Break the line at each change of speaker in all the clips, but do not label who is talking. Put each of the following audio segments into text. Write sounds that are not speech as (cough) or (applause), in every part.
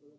Thank you.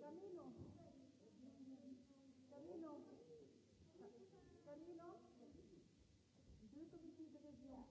Camino, Camino, Camino, Deux comités de région.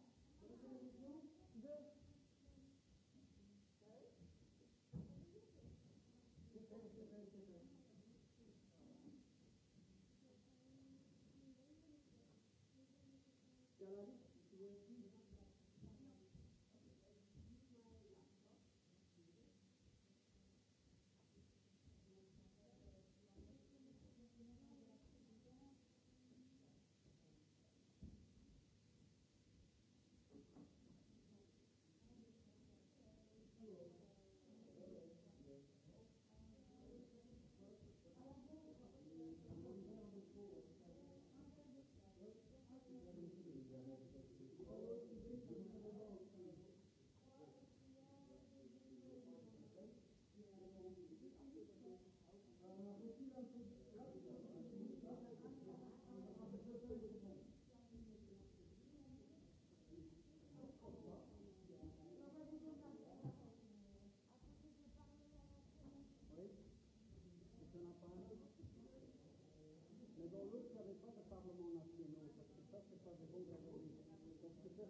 Parlement nationaux, parce que ça, c'est pas des bons Donc,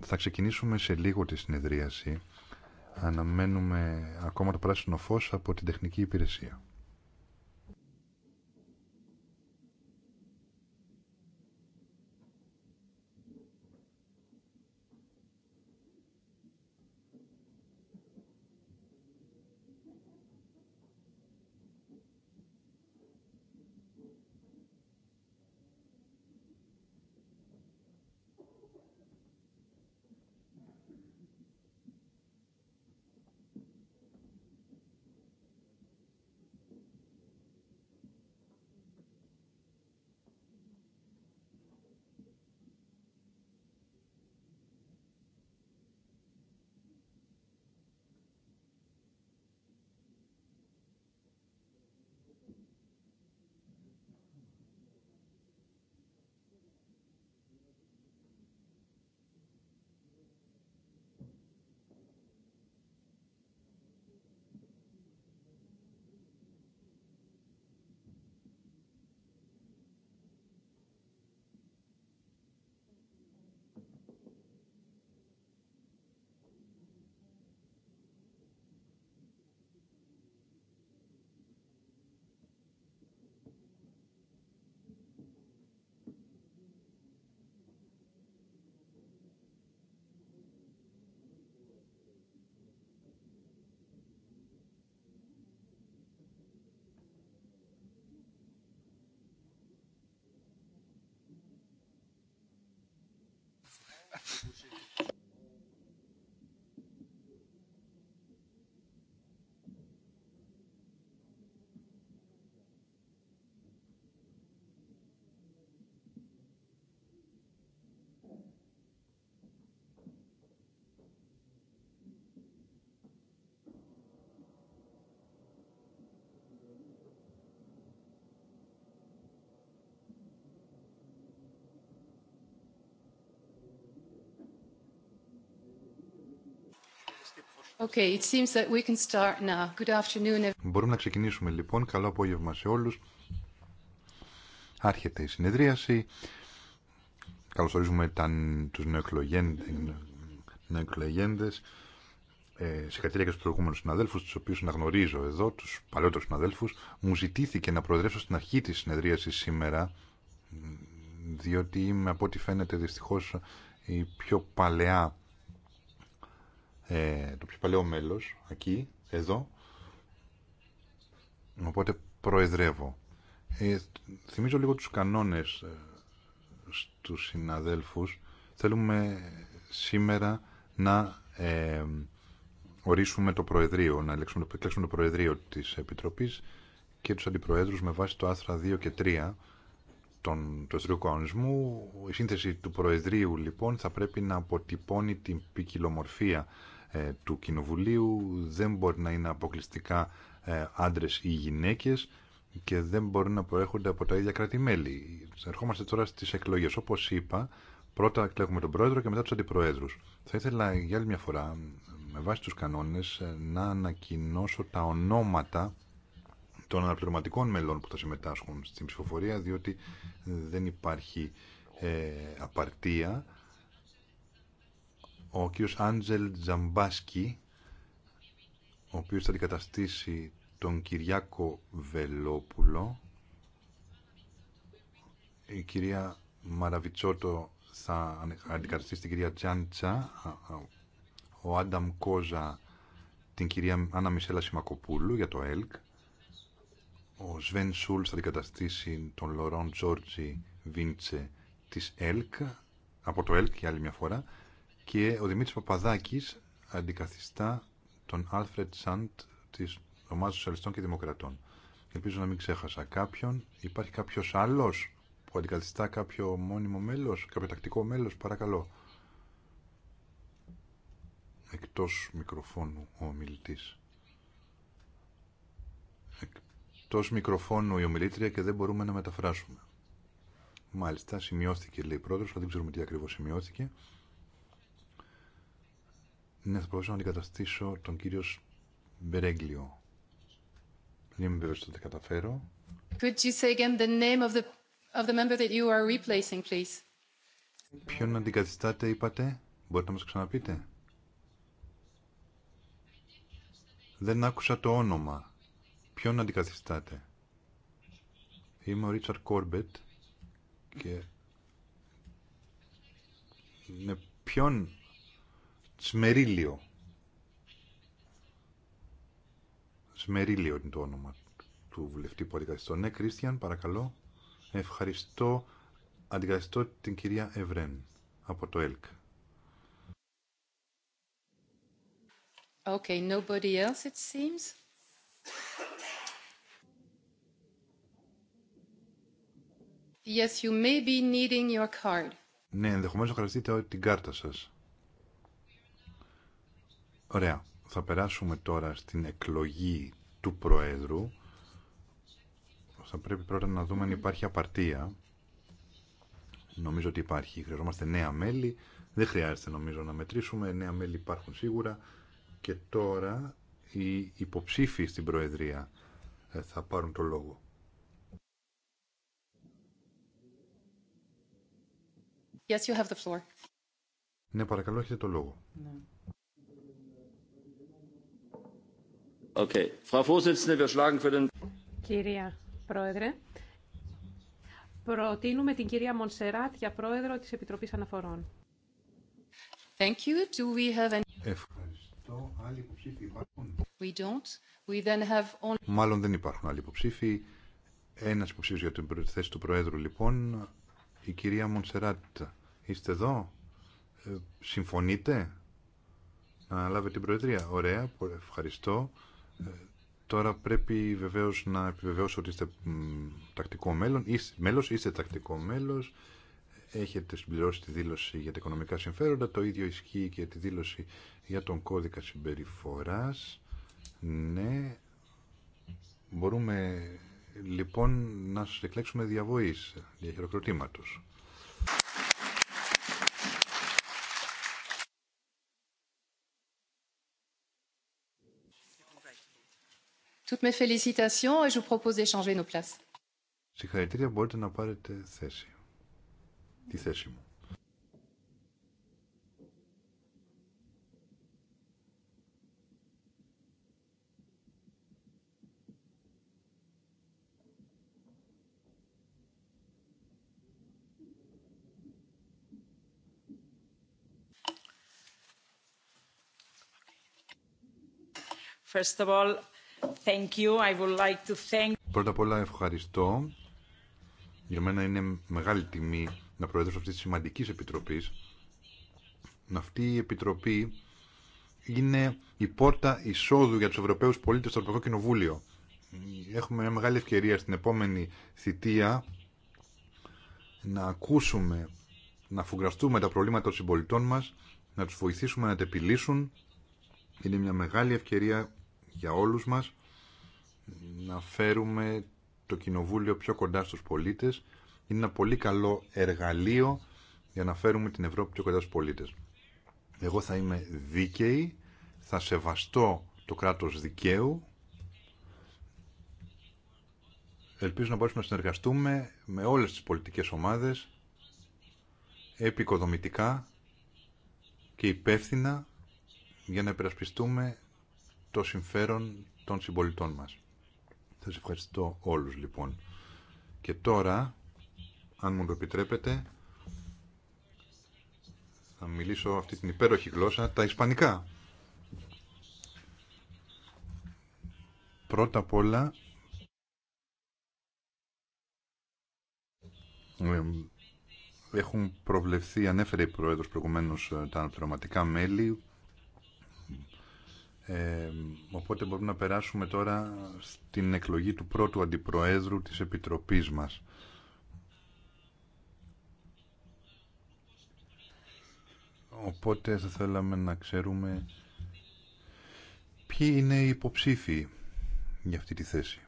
Θα ξεκινήσουμε σε λίγο τη συνεδρίαση. Αναμένουμε ακόμα το πράσινο φως από την τεχνική υπηρεσία.
Okay, it seems that we can start now. Good afternoon.
Μπορούμε να ξεκινήσουμε λοιπόν. Καλό απόγευμα σε όλους. Άρχεται η συνεδρίαση. Καλωσορίζουμε τα, τους νεοεκλογέντες. Ε, συγχαρητήρια και στους προηγούμενους συναδέλφους, τους οποίους αναγνωρίζω εδώ, τους παλαιότερους συναδέλφους. Μου ζητήθηκε να προεδρεύσω στην αρχή της συνεδρίασης σήμερα, διότι είμαι από ό,τι φαίνεται δυστυχώς η πιο παλαιά ε, το πιο παλαιό μέλος, εκεί, εδώ. Οπότε προεδρεύω. Ε, θυμίζω λίγο τους κανόνες ε, στους συναδέλφους. Θέλουμε σήμερα να ε, ορίσουμε το Προεδρείο, να εκλέξουμε το Προεδρείο της Επιτροπής και τους Αντιπροέδρους με βάση το άθρα 2 και 3 τον, του Εθνικού Η σύνθεση του Προεδρείου λοιπόν θα πρέπει να αποτυπώνει την ποικιλομορφία ε, του Κοινοβουλίου δεν μπορεί να είναι αποκλειστικά ε, άντρες ή γυναίκες και δεν μπορεί να προέρχονται από τα ίδια κράτη-μέλη. Ερχόμαστε τώρα στις εκλογές. Όπως είπα, πρώτα εκλέγουμε τον πρόεδρο και μετά τους αντιπροέδρους. Θα ήθελα για άλλη μια φορά, με βάση τους κανόνες, ε, να ανακοινώσω τα ονόματα των αναπληρωματικών μελών που θα συμμετάσχουν στην ψηφοφορία, διότι δεν υπάρχει ε, απαρτία ο κύριος Άντζελ Τζαμπάσκι, ο οποίος θα αντικαταστήσει τον Κυριάκο Βελόπουλο. Η κυρία Μαραβιτσότο θα αντικαταστήσει την κυρία Τζάντσα, ο Άνταμ Κόζα την κυρία Άννα Μισέλα Σιμακοπούλου για το ΕΛΚ, ο Σβέν Σούλ θα αντικαταστήσει τον Λορόν Τζόρτζι Βίντσε της ΕΛΚ, από το ΕΛΚ για άλλη μια φορά, και ο Δημήτρης Παπαδάκης αντικαθιστά τον Άλφρετ Σαντ της ομάδας Σοσιαλιστών και Δημοκρατών. Ελπίζω να μην ξέχασα κάποιον. Υπάρχει κάποιος άλλος που αντικαθιστά κάποιο μόνιμο μέλος, κάποιο τακτικό μέλος, παρακαλώ. Εκτός μικροφώνου ο ομιλητής. Εκτός μικροφώνου η ομιλήτρια και δεν μπορούμε να μεταφράσουμε. Μάλιστα, σημειώθηκε λέει η πρόεδρος, αλλά δεν ξέρουμε τι ακριβώς σημειώθηκε. Ναι, θα προσπαθήσω να αντικαταστήσω τον κύριο Μπερέγκλιο. Δεν είμαι βέβαιος ότι θα καταφέρω.
Could you say again the name of the, of the member that you are replacing, please?
Ποιον αντικαθιστάτε, είπατε. Μπορείτε να μας ξαναπείτε. Δεν άκουσα το όνομα. Ποιον αντικαθιστάτε. Είμαι ο Ρίτσαρ Κόρμπετ και με ναι, ποιον Σμερίλιο. Σμερίλιο είναι το όνομα του βουλευτή που αντικαθιστώ. Ναι, Κρίστιαν, παρακαλώ. Ευχαριστώ. Αντικαθιστώ την κυρία Ευρέν από το ΕΛΚ.
Okay, nobody else it seems. Yes, you may be needing your card.
Ναι, ενδεχομένως να χρειαστείτε την κάρτα σας. Ωραία. Θα περάσουμε τώρα στην εκλογή του Προέδρου. Θα πρέπει πρώτα να δούμε αν υπάρχει απαρτία. Νομίζω ότι υπάρχει. Χρειαζόμαστε νέα μέλη. Δεν χρειάζεται νομίζω να μετρήσουμε. Νέα μέλη υπάρχουν σίγουρα. Και τώρα οι υποψήφοι στην Προεδρία ε, θα πάρουν το λόγο.
Yes, you have the floor.
Ναι, παρακαλώ, έχετε το λόγο. Ναι.
Κυρία Πρόεδρε, προτείνουμε την κυρία Μονσεράτ
για πρόεδρο της Επιτροπής Αναφορών.
Ευχαριστώ. Άλλοι υποψήφοι
υπάρχουν.
Μάλλον δεν υπάρχουν άλλοι υποψήφοι. Ένας υποψήφιος για την θέση του Προέδρου, λοιπόν. Η κυρία Μονσεράτ, είστε εδώ. Ε, συμφωνείτε να λάβετε την Προεδρία. Ωραία. Ευχαριστώ. Τώρα πρέπει βεβαίως να επιβεβαιώσω ότι είστε τακτικό μέλος, είστε, μέλος, είστε τακτικό μέλος, έχετε συμπληρώσει τη δήλωση για τα οικονομικά συμφέροντα, το ίδιο ισχύει και τη δήλωση για τον κώδικα συμπεριφοράς. Ναι, μπορούμε λοιπόν να σας εκλέξουμε διαβοής, διαχειροκροτήματος.
Toutes mes félicitations et je vous propose d'échanger nos places.
Συγχαρητήρια, μπορείτε να πάρετε θέση. Τη θέση μου.
First of all,
Πρώτα απ' όλα ευχαριστώ. Για μένα είναι μεγάλη τιμή να προέδρω αυτής της σημαντικής επιτροπής. Αυτή η επιτροπή είναι η πόρτα εισόδου για τους Ευρωπαίους πολίτες στο Ευρωπαϊκό Κοινοβούλιο. Έχουμε μια μεγάλη ευκαιρία στην επόμενη θητεία να ακούσουμε, να φουγκραστούμε τα προβλήματα των συμπολιτών μας, να τους βοηθήσουμε να τα επιλύσουν. Είναι μια μεγάλη ευκαιρία για όλους μας να φέρουμε το Κοινοβούλιο πιο κοντά στους πολίτες. Είναι ένα πολύ καλό εργαλείο για να φέρουμε την Ευρώπη πιο κοντά στους πολίτες. Εγώ θα είμαι δίκαιη, θα σεβαστώ το κράτος δικαίου. Ελπίζω να μπορέσουμε να συνεργαστούμε με όλες τις πολιτικές ομάδες, επικοδομητικά και υπεύθυνα για να υπερασπιστούμε το συμφέρον των συμπολιτών μας. Σας ευχαριστώ όλους λοιπόν. Και τώρα, αν μου το επιτρέπετε, θα μιλήσω αυτή την υπέροχη γλώσσα, τα ισπανικά. Πρώτα απ' όλα, ε, έχουν προβλεφθεί, ανέφερε η Πρόεδρος προηγουμένως, ε, τα αναπληρωματικά μέλη οπότε μπορούμε να περάσουμε τώρα στην εκλογή του πρώτου αντιπροέδρου της Επιτροπής μας. Οπότε θα θέλαμε να ξέρουμε ποιοι είναι οι υποψήφοι για αυτή τη θέση.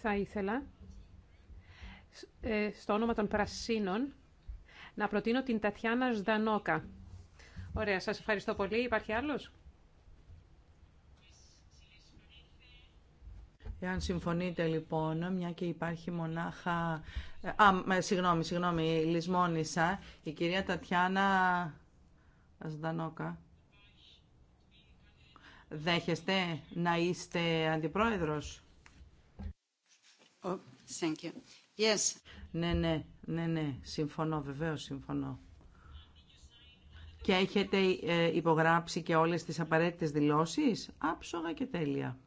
Θα ήθελα ε, στο όνομα των Πρασίνων να προτείνω την Τατιάνα Ζδανόκα. Ωραία, σας ευχαριστώ πολύ. Υπάρχει άλλος?
Εάν συμφωνείτε λοιπόν, μια και υπάρχει μονάχα... Ε, α, συγγνώμη, συγγνώμη, λησμόνησα. Η κυρία Τατιάνα Ζδανόκα. Δέχεστε να είστε αντιπρόεδρος.
Oh, thank you.
Ναι, ναι, ναι, ναι, συμφωνώ, βεβαίως συμφωνώ. Και έχετε ε, υπογράψει και όλες τις απαραίτητες δηλώσεις, άψογα και τέλεια.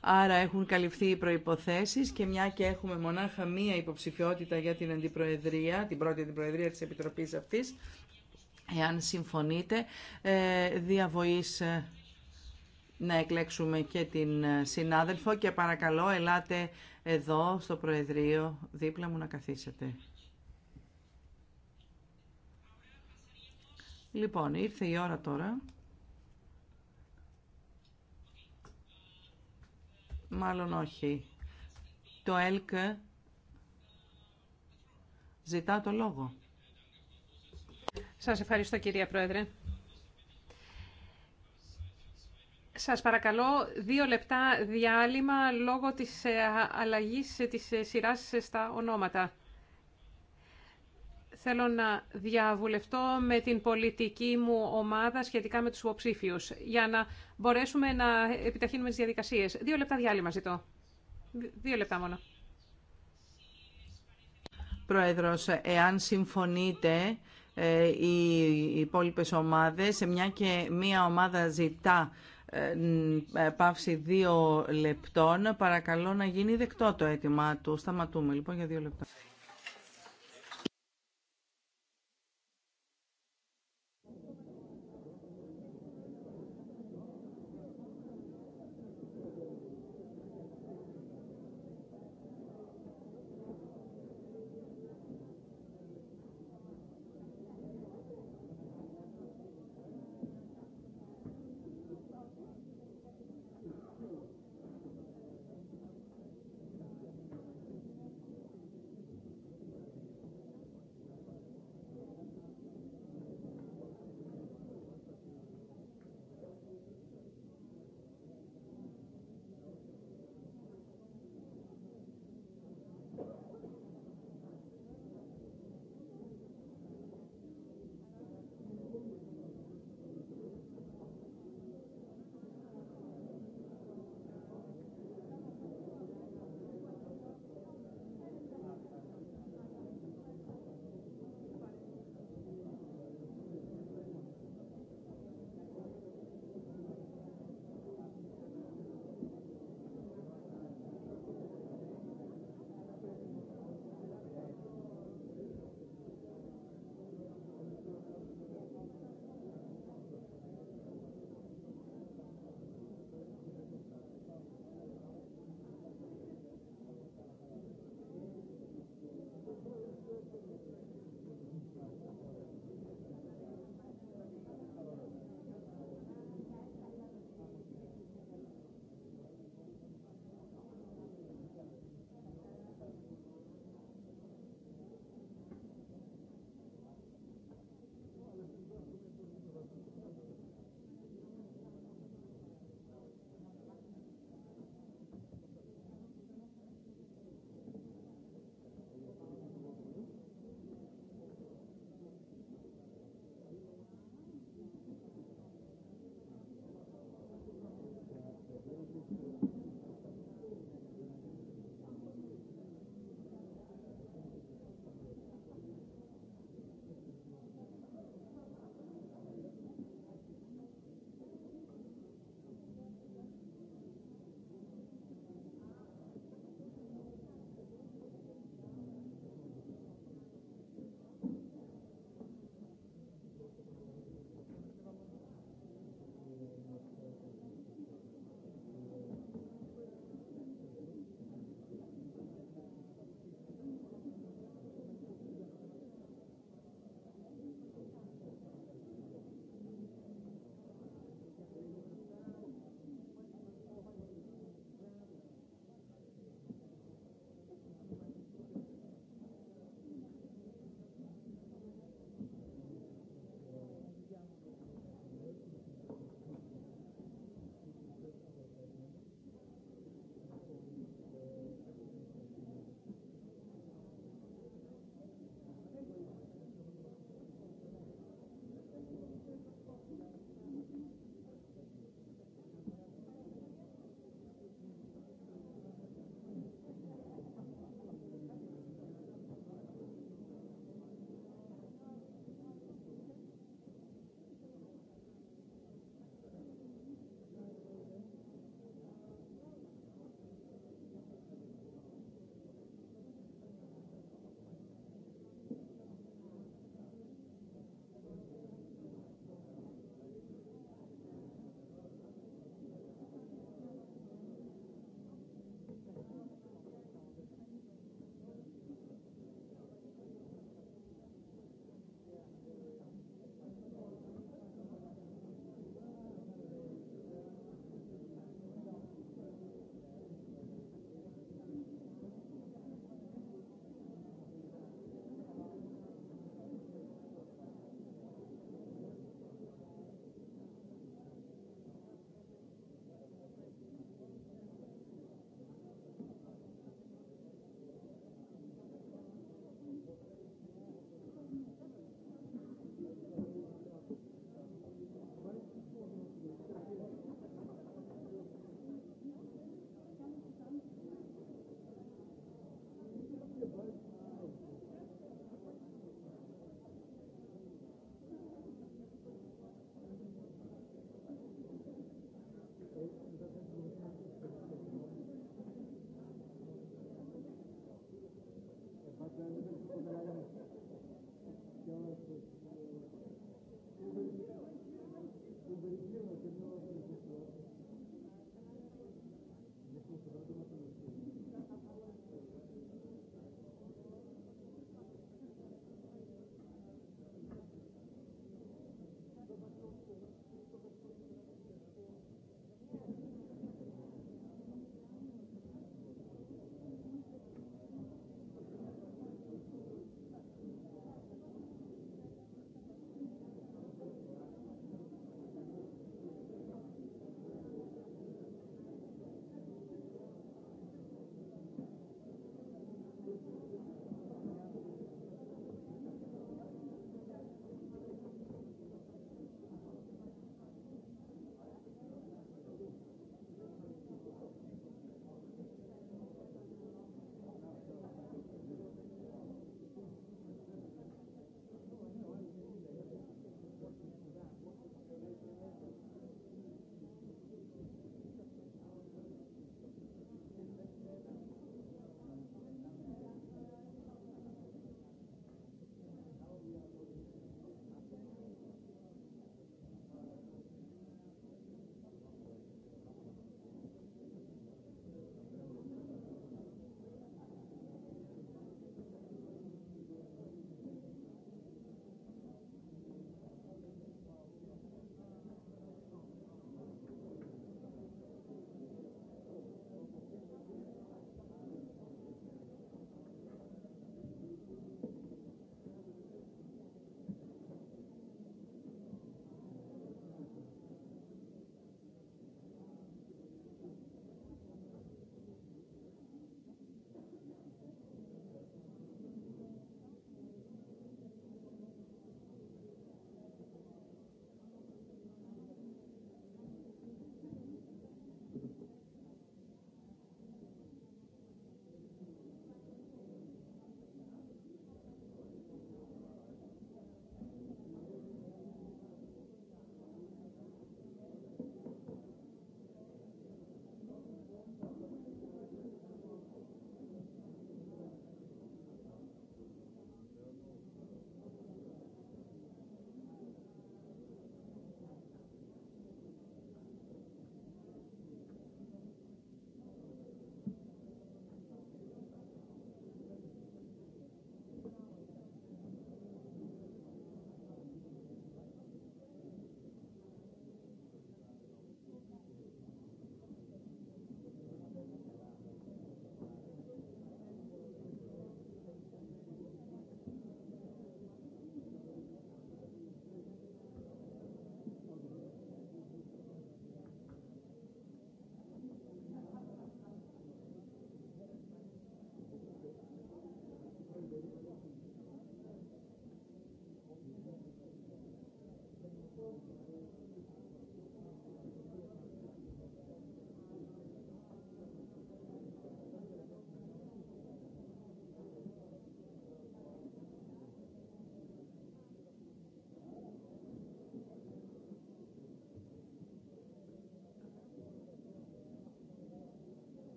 Άρα έχουν καλυφθεί οι προϋποθέσεις και μια και έχουμε μονάχα μία υποψηφιότητα για την αντιπροεδρία, την πρώτη αντιπροεδρία της Επιτροπής αυτής, εάν συμφωνείτε, ε, διαβοής ε, να εκλέξουμε και την ε, συνάδελφο και παρακαλώ ελάτε εδώ στο Προεδρείο δίπλα μου να καθίσετε. Λοιπόν, ήρθε η ώρα τώρα. Μάλλον όχι. Το ΕΛΚ
ζητά το λόγο. Σας ευχαριστώ κυρία Πρόεδρε. Σας παρακαλώ δύο λεπτά διάλειμμα λόγω της ε, αλλαγής της ε, σειράς στα ονόματα. Θέλω να διαβουλευτώ με την πολιτική μου ομάδα σχετικά με τους υποψήφιου για να μπορέσουμε να επιταχύνουμε τις διαδικασίες. Δύο λεπτά διάλειμμα ζητώ. Δύο λεπτά μόνο.
Πρόεδρος, εάν συμφωνείτε, ε, οι υπόλοιπες ομάδες, μια και μία ομάδα ζητά ε, ε, παύση δύο λεπτών. Παρακαλώ να γίνει δεκτό το αίτημά του. Σταματούμε λοιπόν για δύο λεπτά.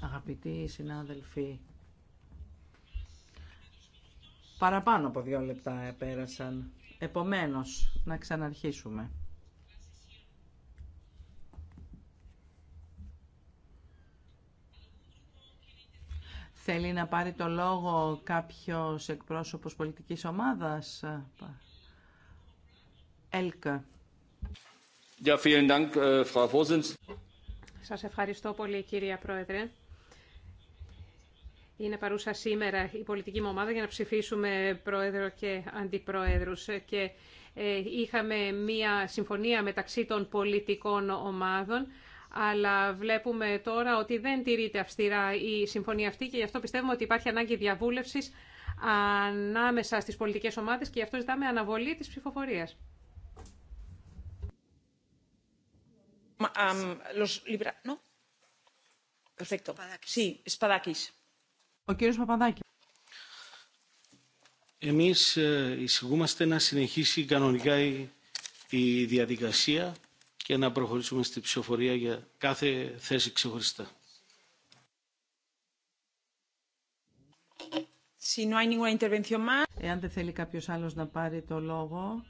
Αγαπητοί συνάδελφοι, παραπάνω από δύο λεπτά επέρασαν. Επομένως, να ξαναρχίσουμε. Θέλει να πάρει το λόγο κάποιος εκπρόσωπος πολιτικής ομάδας. Έλκα.
Ja, vielen Dank, äh, Frau Vorsitzende.
Σας ευχαριστώ πολύ κυρία Πρόεδρε. Είναι παρούσα σήμερα η πολιτική μου ομάδα για να ψηφίσουμε πρόεδρο και αντιπρόεδρους και ε, είχαμε μία συμφωνία μεταξύ των πολιτικών ομάδων αλλά βλέπουμε τώρα ότι δεν τηρείται αυστηρά η συμφωνία αυτή και γι' αυτό πιστεύουμε ότι υπάρχει ανάγκη διαβούλευσης ανάμεσα στις πολιτικές ομάδες και γι' αυτό ζητάμε αναβολή της ψηφοφορίας.
Εμείς ε, εισηγούμαστε να
συνεχίσει κανονικά η, διαδικασία και να προχωρήσουμε στη ψηφοφορία για κάθε θέση ξεχωριστά.
Εάν δεν θέλει κάποιος άλλος να πάρει το λόγο,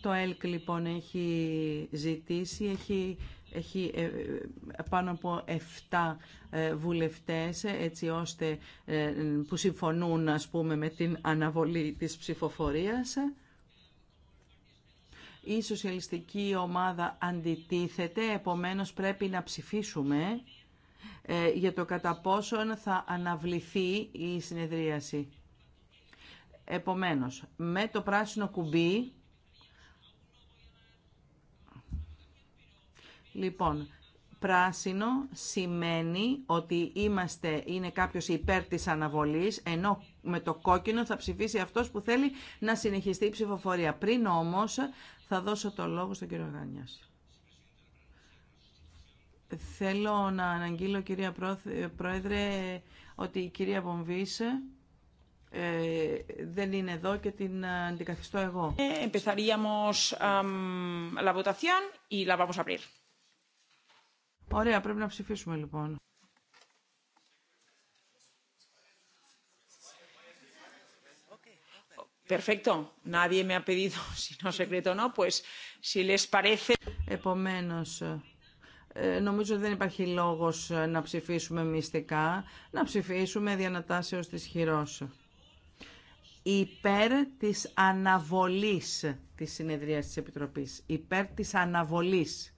το ΕΛΚ λοιπόν έχει ζητήσει, έχει έχει ε, πάνω από 7 ε, βουλευτές ε, έτσι ώστε που συμφωνούν ας πούμε με την αναβολή της ψηφοφορίας. Η σοσιαλιστική ομάδα αντιτίθεται, επομένως πρέπει να ψηφίσουμε για το κατά πόσον θα αναβληθεί η συνεδρίαση. Επομένως, με το πράσινο κουμπί Λοιπόν, πράσινο σημαίνει ότι είμαστε, είναι κάποιος υπέρ της αναβολής, ενώ με το κόκκινο θα ψηφίσει αυτός που θέλει να συνεχιστεί η ψηφοφορία. Πριν όμως θα δώσω το λόγο στον κύριο Γάνιας. Θέλω να αναγγείλω, κυρία Πρόεδρε, ότι η κυρία Βομβής ε, δεν είναι εδώ και την αντικαθιστώ εγώ. Ε,
empezaríamos um, la votación y la
Ωραία, πρέπει να ψηφίσουμε λοιπόν.
Perfecto. Nadie me ha
pedido (laughs) si no secreto no, Επομένως, ε, νομίζω δεν υπάρχει λόγος ε, να ψηφίσουμε μυστικά, να ψηφίσουμε διανατάσεως της χειρός. Υπέρ της αναβολής της συνεδρίας της Επιτροπής. Υπέρ της αναβολής.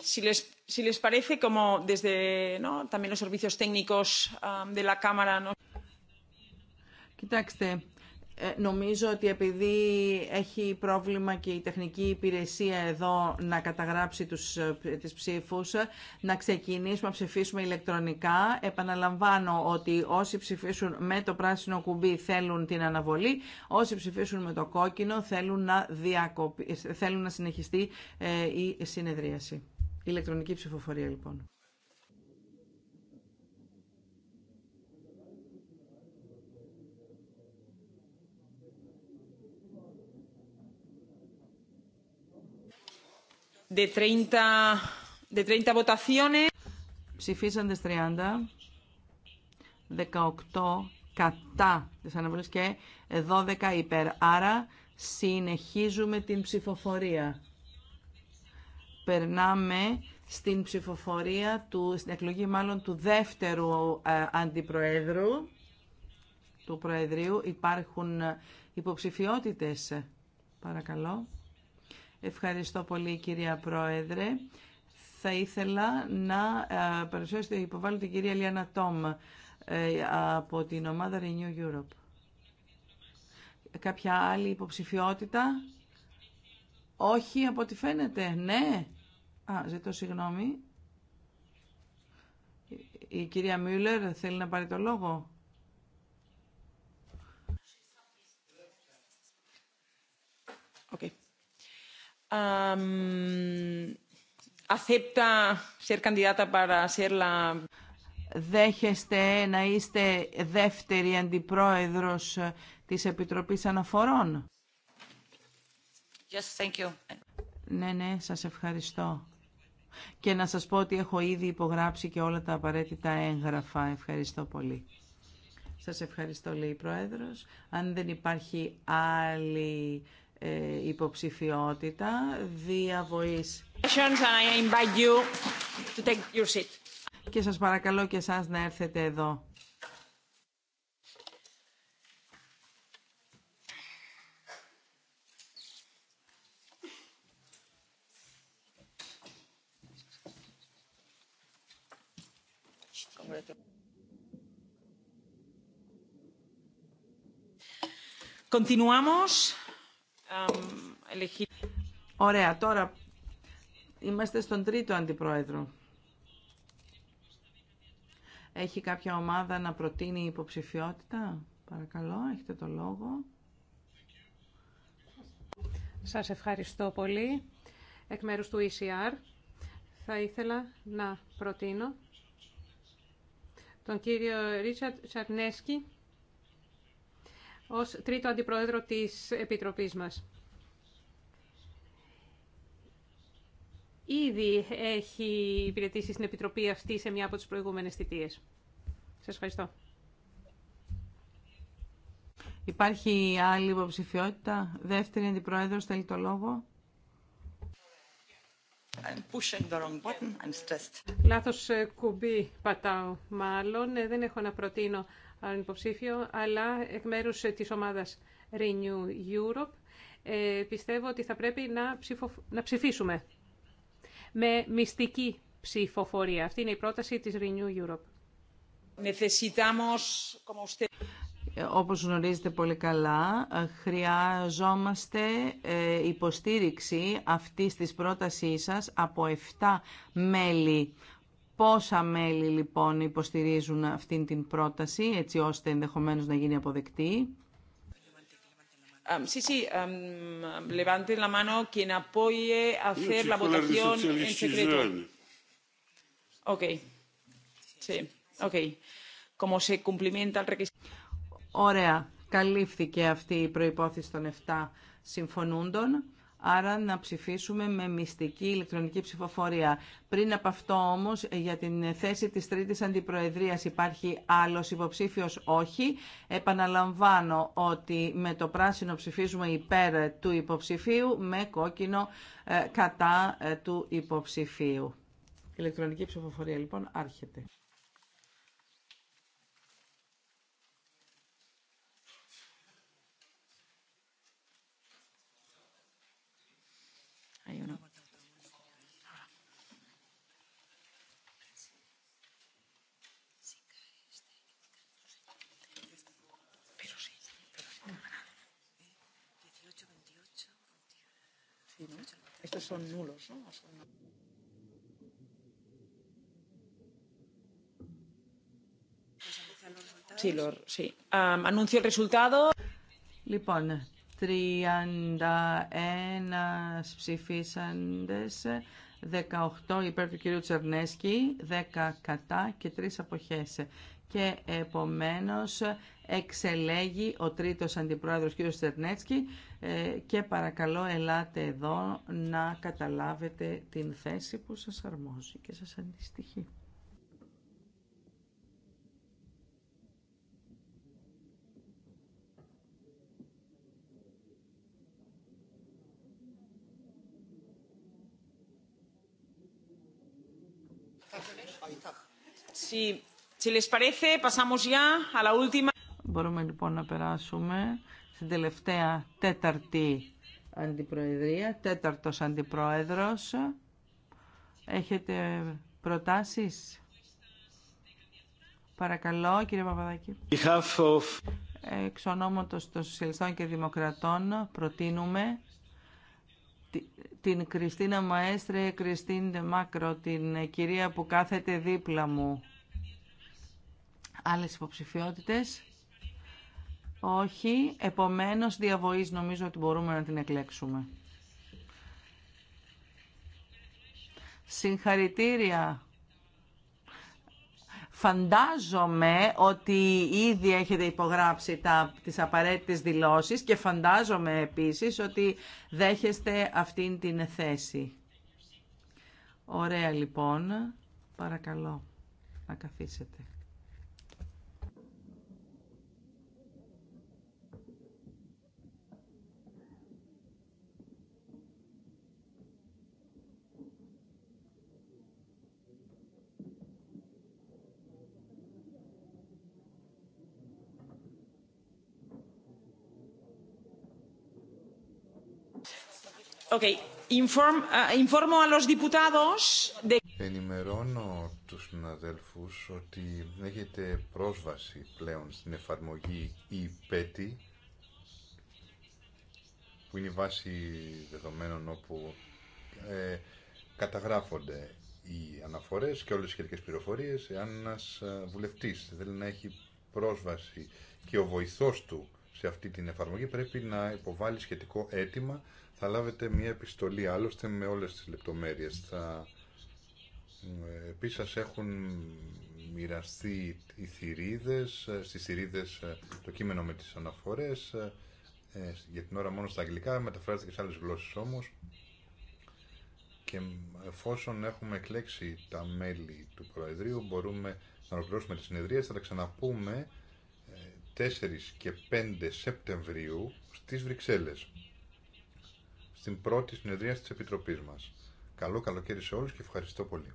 Si les, si les parece, como desde ¿no? también los servicios técnicos um, de la Cámara. ¿no?
Κοιτάξτε, ε, νομίζω ότι επειδή έχει πρόβλημα και η τεχνική υπηρεσία εδώ να καταγράψει τους, ε, τις ψήφους, ε, να ξεκινήσουμε να ψηφίσουμε ηλεκτρονικά. Επαναλαμβάνω ότι όσοι ψηφίσουν με το πράσινο κουμπί θέλουν την αναβολή, όσοι ψηφίσουν με το κόκκινο θέλουν να, διακοπη... θέλουν να συνεχιστεί η συνεδρίαση. Ηλεκτρονική ψηφοφορία λοιπόν. De 30, 30 18 κατά τις αναβολές και 12 υπέρ. Άρα συνεχίζουμε την ψηφοφορία. Περνάμε στην ψηφοφορία, του, στην εκλογή μάλλον του δεύτερου ε, αντιπροέδρου του Προεδρίου. Υπάρχουν υποψηφιότητες. Παρακαλώ. Ευχαριστώ πολύ κυρία Πρόεδρε. Θα ήθελα να ε, παρουσιάσω υποβάλλω την κυρία Λιάννα Τόμ ε, από την ομάδα Renew Europe. Κάποια άλλη υποψηφιότητα. Όχι, από ό,τι φαίνεται. Ναι. Α, ζητώ συγγνώμη. Η κυρία Μιούλερ θέλει να πάρει το λόγο. Okay δέχεστε να είστε δεύτερη αντιπρόεδρος της Επιτροπής Αναφορών.
Yes, thank you.
Ναι, ναι, σας ευχαριστώ. Και να σας πω ότι έχω ήδη υπογράψει και όλα τα απαραίτητα έγγραφα. Ευχαριστώ πολύ. Σας ευχαριστώ, λέει η Πρόεδρος. Αν δεν υπάρχει άλλη ε, υποψηφιότητα διαβοής. Και σας παρακαλώ και εσάς να έρθετε εδώ. Continuamos. Ωραία, τώρα είμαστε στον τρίτο αντιπρόεδρο. Έχει κάποια ομάδα να προτείνει υποψηφιότητα.
Παρακαλώ, έχετε το λόγο. Σας ευχαριστώ πολύ. Εκ μέρους του ECR θα ήθελα να προτείνω τον κύριο Ρίτσαρτ Σαρνέσκι ως τρίτο αντιπρόεδρο της Επιτροπής μας. Ήδη έχει υπηρετήσει στην Επιτροπή αυτή σε μια από τις προηγούμενες θητείες. Σας ευχαριστώ.
Υπάρχει άλλη υποψηφιότητα. Δεύτερη αντιπρόεδρος θέλει το λόγο.
Λάθος κουμπί πατάω μάλλον. Ε, δεν έχω να προτείνω αλλά εκ μέρου ε, της ομάδας Renew Europe ε, πιστεύω ότι θα πρέπει να, να ψηφίσουμε με μυστική ψηφοφορία. Αυτή είναι η πρόταση της Renew Europe.
Ε, όπως γνωρίζετε πολύ καλά, χρειαζόμαστε υποστήριξη αυτής της πρότασής σας από 7 μέλη Πόσα μέλη λοιπόν υποστηρίζουν αυτήν την πρόταση, έτσι ώστε ενδεχομένως να γίνει αποδεκτή.
Sí, sí, levante la mano quien apoye hacer la votación en secreto. Ok. Sí, ok. Como se cumplimenta el requisito.
Ωραία. Καλύφθηκε αυτή η προϋπόθεση των 7 συμφωνούντων άρα να ψηφίσουμε με μυστική ηλεκτρονική ψηφοφορία. Πριν από αυτό όμως, για την θέση της τρίτης αντιπροεδρίας υπάρχει άλλος υποψήφιος όχι. Επαναλαμβάνω ότι με το πράσινο ψηφίζουμε υπέρ του υποψηφίου, με κόκκινο ε, κατά ε, του υποψηφίου. Η Ηλεκτρονική ψηφοφορία λοιπόν άρχεται.
son nulos, ¿no?
Sí, lo, sí. Um, anuncio el resultado. Λοιπόν, 31 ψηφίσαντες, 18 υπέρ του κυρίου Τσερνέσκη, 10 κατά και 3 αποχέ και επομένως εξελέγει ο τρίτος αντιπρόεδρος κ. Στερνέτσκι ε, και παρακαλώ ελάτε εδώ να καταλάβετε την θέση που σας αρμόζει και σας αντιστοιχεί.
Sí, Si
Μπορούμε λοιπόν να περάσουμε στην τελευταία τέταρτη αντιπροεδρία, τέταρτος αντιπρόεδρος. Έχετε προτάσεις? Παρακαλώ, κύριε Παπαδάκη. Of... Εξ ονόματος των Σοσιαλιστών και Δημοκρατών προτείνουμε την Κριστίνα Μαέστρε, Κριστίν Μακρο, την κυρία που κάθεται δίπλα μου. Άλλες υποψηφιότητες. Όχι. Επομένως, διαβοής νομίζω ότι μπορούμε να την εκλέξουμε. Συγχαρητήρια. Φαντάζομαι ότι ήδη έχετε υπογράψει τα, τις απαραίτητες δηλώσεις και φαντάζομαι επίσης ότι δέχεστε αυτήν την θέση. Ωραία λοιπόν. Παρακαλώ να καθίσετε.
Ενημερώνω τους συναδέλφους ότι έχετε πρόσβαση πλέον στην εφαρμογή e-PETI που είναι η βάση δεδομένων όπου ε, καταγράφονται οι αναφορές και όλες οι σχετικές πληροφορίες. Εάν ένας ε, βουλευτής θέλει να έχει πρόσβαση και ο βοηθός του σε αυτή την εφαρμογή πρέπει να υποβάλει σχετικό αίτημα. Θα λάβετε μια επιστολή άλλωστε με όλες τις λεπτομέρειες. Θα... Επίσης έχουν μοιραστεί οι θηρίδες, ε, στις θηρίδες ε, το κείμενο με τις αναφορές, ε, για την ώρα μόνο στα αγγλικά, μεταφράζεται και σε άλλες γλώσσες όμως. Και εφόσον έχουμε εκλέξει τα μέλη του Προεδρείου, μπορούμε να ολοκληρώσουμε τη συνεδρία, θα τα ξαναπούμε 4 και 5 Σεπτεμβρίου στις Βρυξέλλες στην πρώτη συνεδρία της Επιτροπής μας. Καλό καλοκαίρι σε όλους και ευχαριστώ πολύ.